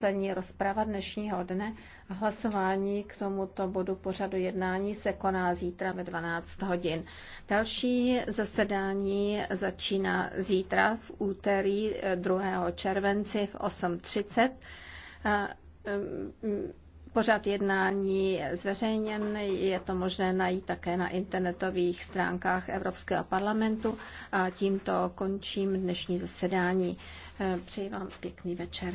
Poslední rozprava dnešního dne a hlasování k tomuto bodu pořadu jednání se koná zítra ve 12 hodin. Další zasedání začíná zítra v úterý 2. Eh, červenci v 8.30. Mm, mm, pořad jednání je zveřejněn, je to možné najít také na internetových stránkách Evropského parlamentu a tímto končím dnešní zasedání. Eh, přeji vám pěkný večer.